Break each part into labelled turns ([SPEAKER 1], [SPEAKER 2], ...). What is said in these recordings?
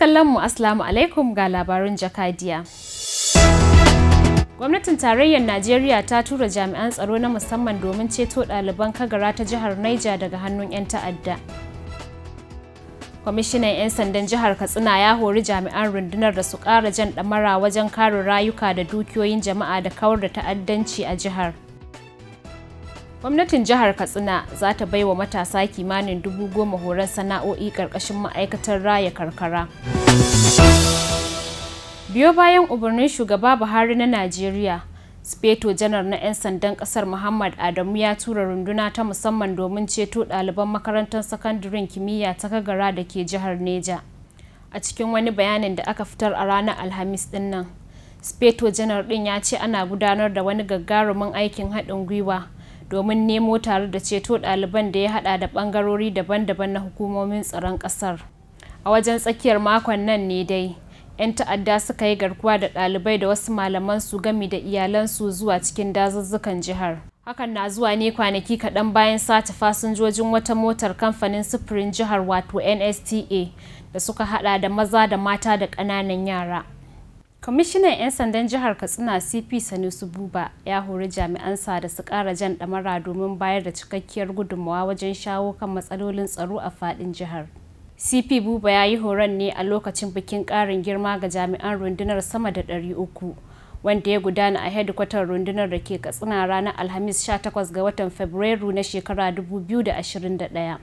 [SPEAKER 1] kallon mu Assalamu alaikum ga labarin Jakadiya. Gwamnatin tarayyar Najeriya ta tura jami'an tsaro na musamman domin ceto ɗaliban kagara ta jihar Niger daga hannun 'yan ta'adda. Kwamishinan 'yan sandan jihar Katsina ya hori jami'an rundunar da su ƙara jan ɗamara wajen kare rayuka da dukiyoyin jama'a da kawar da ta'addanci a jihar. Gwamnatin jihar Katsina za ta bai wa matasa kimanin dubu goma horon sana'o'i ƙarƙashin ma'aikatar raya karkara. Biyo bayan umarnin shugaba Buhari na Najeriya, Speto janar na 'yan sandan kasar Muhammad Adamu ya tura runduna ta musamman domin ceto ɗaliban makarantar sakandaren kimiyya ta Kagara da ke jihar Neja. A cikin wani bayanin da aka fitar a ranar Alhamis ɗin nan, Speto janar ɗin ya ce ana gudanar da wani gagarumin aikin haɗin gwiwa domin nemo tare da ceto ɗaliban da ya hada da ɓangarori daban-daban na hukumomin tsaron ƙasar a wajen tsakiyar makon nan ne dai 'yan ta'adda suka yi garkuwa da ɗalibai da wasu malaman su gami da iyalansu zuwa cikin dazuzzukan jihar hakan na zuwa ne kwanaki kaɗan bayan sati fasinjojin wata motar kamfanin sufurin jihar wato nsta da suka hada da maza da mata da ƙananan yara kwamishinan 'yan sandan jihar katsina cp sanusi buba ya hori jami'an sa da su kara jan damara domin bayar da cikakkiyar gudunmawa wajen shawo kan matsalolin tsaro a fadin jihar cp buba ya yi horon ne a lokacin bikin karin girma ga jami'an rundunar sama da 300 wanda ya gudana a hedikwatar rundunar da ke katsina ranar alhamis 18 ga watan fabrairu na shekara 2021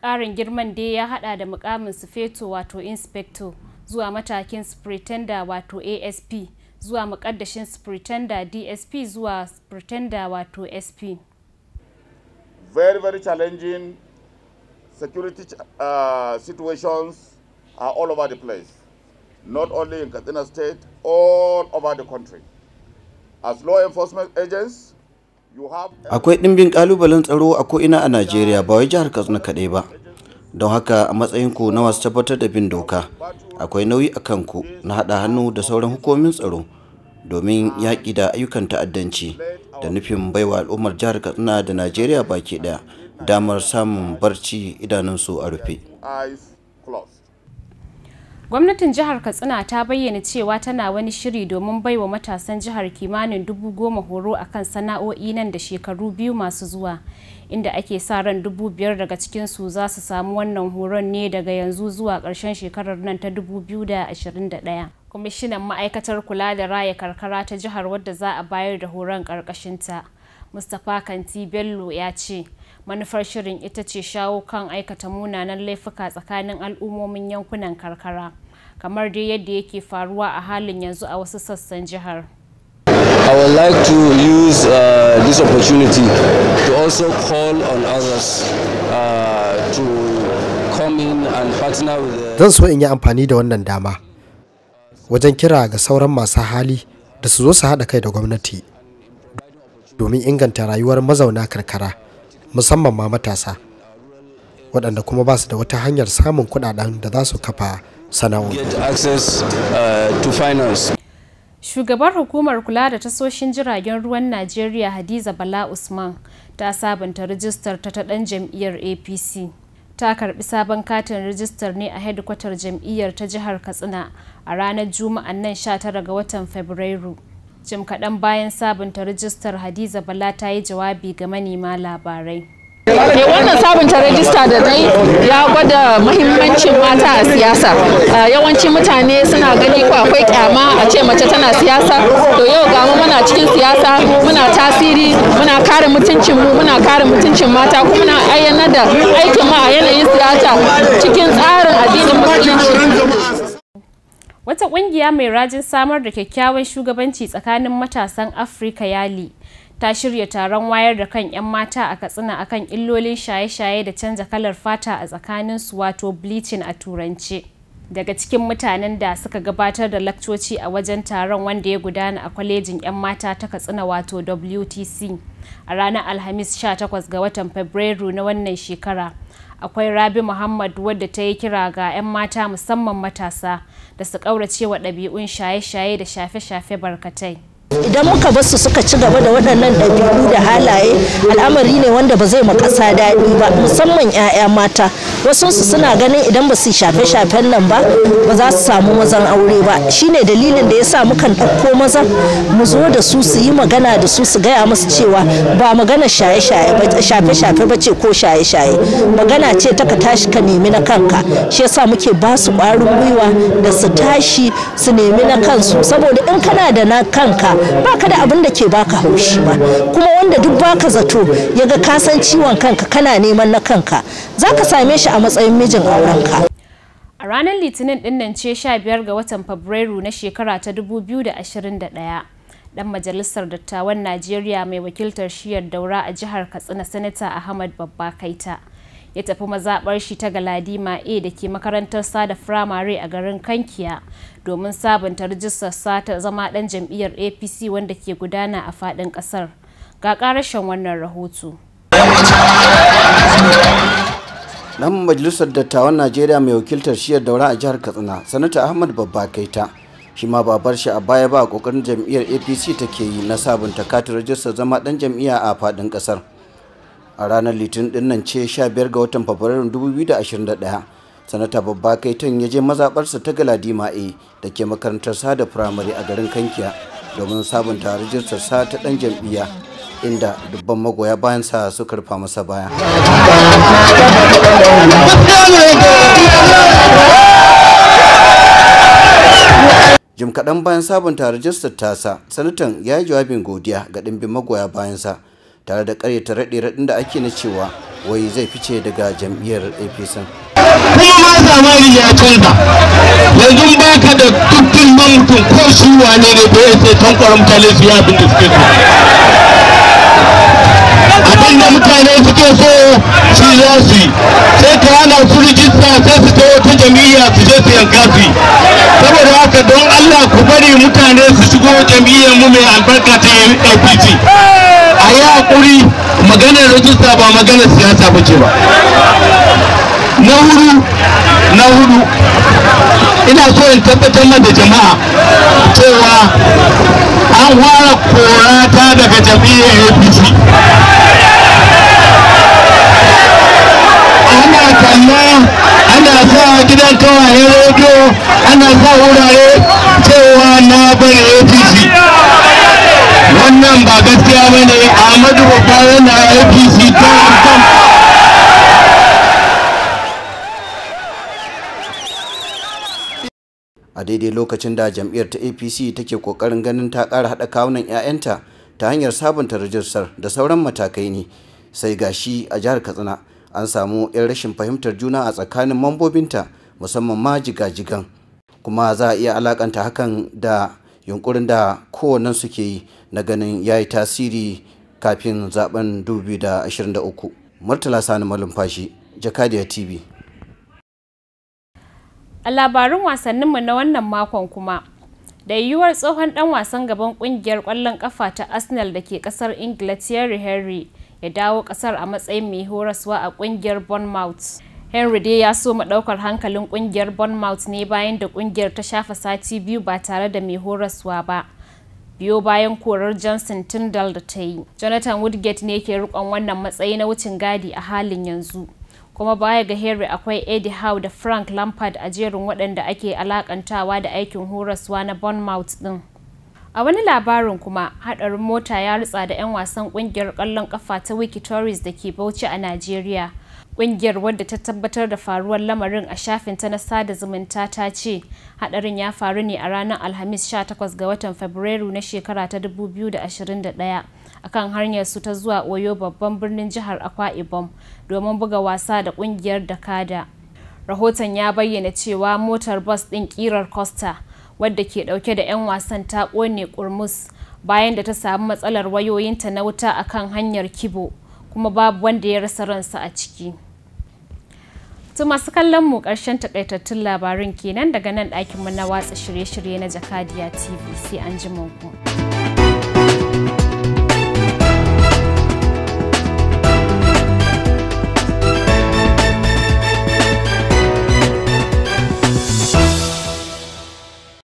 [SPEAKER 1] ƙarin girman dai ya hada da mukamin su feto wato inspector zuwa matakin pretender wato asp zuwa makaddashin pretender dsp zuwa pretender wato sp
[SPEAKER 2] very very challenging security uh, situations are all over the place not only in katsina state all over the country as law enforcement agents akwai ɗimbin ƙalubalen tsaro a ko'ina a najeriya ba wai jihar katsina kaɗai ba don haka a matsayinku na wasu tabbatar da bin doka akwai nauyi a kanku na haɗa hannu da sauran hukumomin tsaro domin yaƙi da ayyukan ta'addanci da nufin baiwa al'ummar jihar katsina da najeriya baki ɗaya damar samun barci idanunsu a rufe
[SPEAKER 1] Gwamnatin jihar Katsina ta bayyana cewa tana wani shiri domin baiwa matasan jihar kimanin dubu goma horo a kan sana'o'i nan da shekaru biyu masu zuwa, inda ake sa ran dubu biyar daga cikin su za su samu wannan horon ne daga yanzu zuwa ƙarshen shekarar nan ta dubu biyu da da ashirin ɗaya. Kwamishinan ma'aikatar kula da raya karkara ta jihar wadda za a bayar da horon ƙarƙashinta. mustapha kanti bello ya ce manufar shirin ita ce shawo kan aikata munanan laifuka tsakanin al'ummomin yankunan karkara kamar dai yadda yake faruwa a halin yanzu a wasu sassan jihar
[SPEAKER 2] I would like to use uh, this opportunity to also call on others uh, to come in and partner with Zan so in yi amfani da wannan dama wajen kira ga sauran masu hali da su zo su haɗa kai da gwamnati. domin inganta rayuwar mazauna karkara musamman ma matasa waɗanda kuma ba su da wata hanyar samun kuɗaɗen da za su kafa sana'o'i. Uh,
[SPEAKER 1] shugaban hukumar kula da tasoshin jiragen ruwan Najeriya Hadiza Bala Usman ta sabunta rijistar ta ta ɗan jam'iyyar APC. Ta karbi sabon katin rijistar ne a hedikwatar jam'iyyar ta jihar Katsina a ranar Juma'an nan 19 ga watan Fabrairu. jim kaɗan bayan sabunta rijistar hadiza bala ta yi jawabi ga manema labarai ne eh, wannan sabunta rajista da dai ya gwada muhimmancin mata a siyasa eh, yawanci mutane suna gani ko akwai kyama a ce mace tana siyasa to yau ga muna cikin siyasa muna tasiri muna kare mutuncin mu muna kare mutuncin mata kuma muna ayyana da aikin mu a yanayin siyasa cikin tsarin addinin musulunci Wata ƙungiya mai rajin samar da kyakkyawan shugabanci tsakanin matasan Afirka Yali ta shirya taron wayar da kan 'yan mata a Katsina a kan illolin shaye-shaye da canza kalar fata a tsakanin su wato bleaching a turance. Daga cikin mutanen da suka gabatar da lakcoci a wajen taron wanda ya gudana a kwalejin 'yan mata ta Katsina wato WTC a ranar Alhamis 18 ga watan Fabrairu na wannan shekara. akwai rabi muhammad wadda ta yi kira ga 'yan mata musamman matasa da su ƙaurace wa ɗabi'un shaye-shaye da shafe-shafe barkatai idan muka basu suka ci gaba da waɗannan ɗabi'u da halaye al'amari ne wanda ba zai makasa daɗi ba musamman 'ya'ya mata wasu suna ganin idan ba su shafe shafen nan ba ba za su samu mazan aure ba shine dalilin da yasa mukan ɗauko mazan mu zo da su su yi magana da su su gaya musu cewa ba magana shaye shaye ba shafe shafe ba ce ko shaye shaye magana ce ta ka tashi ka nemi na kanka shi yasa muke ba su ƙwarin gwiwa da su tashi su nemi na kansu saboda in kana da na kanka ba ka da abin da ke baka haushi ba kuma wanda duk baka zato ya ga kasan ciwon kanka kana neman na kanka za ka same shi a matsayin mijin aurenka a ranar litinin dinnan ce 15 ga watan fabrairu na shekara ta 2021 dan majalisar dattawan Najeriya mai wakiltar shiyar daura a jihar Katsina Sanata Ahmad Babba Kaita ya tafi mazaɓar shi ta galadima a da ke makarantar sada firamare a garin kankiya domin sabunta rijistar sata zama ɗan jam'iyyar apc wanda ke gudana a faɗin ƙasar ga ƙarashen wannan rahoto
[SPEAKER 2] nan majalisar dattawan najeriya mai wakiltar shiyar daura a jihar katsina sanata ahmad babba kaita shi ma ba shi a baya ba a kokarin jam'iyyar apc take yi na sabunta katin rajistar zama dan jam'iyya a fadin kasar a ranar litinin dinnan ce 15 ga watan fabrairun 2021 sanata babba kaitan ya je mazaɓarsa ta galadima a da ke makarantar sada firamare a garin kankiya domin sabunta rajistar sa ta ɗan jam'iyya inda dubban magoya bayan sa su karfa masa baya jim kaɗan bayan sabunta rajistar tasa sanatan ya yi jawabin godiya ga ɗimbin magoya bayansa tare da karyata raɗe-raɗin da ake na cewa wai zai fice daga jam'iyyar apc
[SPEAKER 1] kuma ma zamani
[SPEAKER 2] ya canza yanzu ba ka da tuttun mamutun ko shi wane ne ba ya ce tan kwaron mutane su yi abin da suke so abin da mutane suke so shi za su yi sai ka hana su rijista sai su ta wata jam'iyya su je su yanka su saboda haka don allah ku bari mutane su shigo jam'iyyar mu mai albarka ta apc a yi haƙuri maganar rajista ba maganar siyasa ba ce ba na hudu na hudu ina so in tabbatar ma da jama'a cewa an fara korata daga jam'iyyar apc ana kalla ana sa gidan kawayen rediyo ana sa wurare cewa na bari ba gaskiya ba ahmadu babba apc ta a daidai lokacin da jam'iyyar ta apc take kokarin ganin ta kara haɗa kawunan 'ya'yanta ta hanyar sabunta rajistar da sauran matakai ne sai gashi a jihar katsina an samu 'yan rashin fahimtar juna a tsakanin mambobinta musamman ma jiga-jigan kuma za a iya alakanta hakan da yunkurin da kowannen suke yi na ganin ya yi tasiri kafin zaben 2023 murtala sani malumfashi jakadiya tv
[SPEAKER 1] a labarin wasanninmu na wannan makon kuma da yiwuwar tsohon dan wasan gaban kungiyar kwallon kafa ta arsenal da ke kasar ingila thierry henry ya dawo kasar a matsayin mai horaswa a kungiyar bournemouth henry dai ya so ɗaukar hankalin kungiyar bournemouth ne bayan da kungiyar ta shafa sati biyu ba tare da mai horaswa ba biyo bayan korar johnson Tindall da ta yi jonathan woodgate ne ke rikon wannan matsayi na wucin gadi a halin yanzu kuma baya ga henry akwai eddie howe da frank lampard a jerin waɗanda ake alakantawa da aikin horaswa na bournemouth din a wani labarin kuma haɗarin mota ya rutsa da 'yan wasan kungiyar ƙwallon kafa ta wiki da ke bauchi a najeriya Ƙungiyar wadda ta tabbatar da faruwar lamarin a shafin ta na sada zumunta ta ce hadarin ya faru ne a ranar Alhamis 18 ga watan Fabrairu na shekara ta 2021 kan hanyar su ta zuwa Oyo babban birnin jihar Akwa Ibom domin buga wasa da ƙungiyar Dakada. Rahoton ya bayyana cewa motar bus ɗin ƙirar Costa wadda ke ɗauke da 'yan wasan ta ƙone ƙurmus bayan da ta samu matsalar wayoyinta na wuta a kan hanyar Kibo. kuma babu wanda ya rasa ransa a ciki to masu kallon mu ƙarshen takaitattun labarin kenan daga nan mu na watsa shirye-shirye na jakadiya tv sai an ji ku.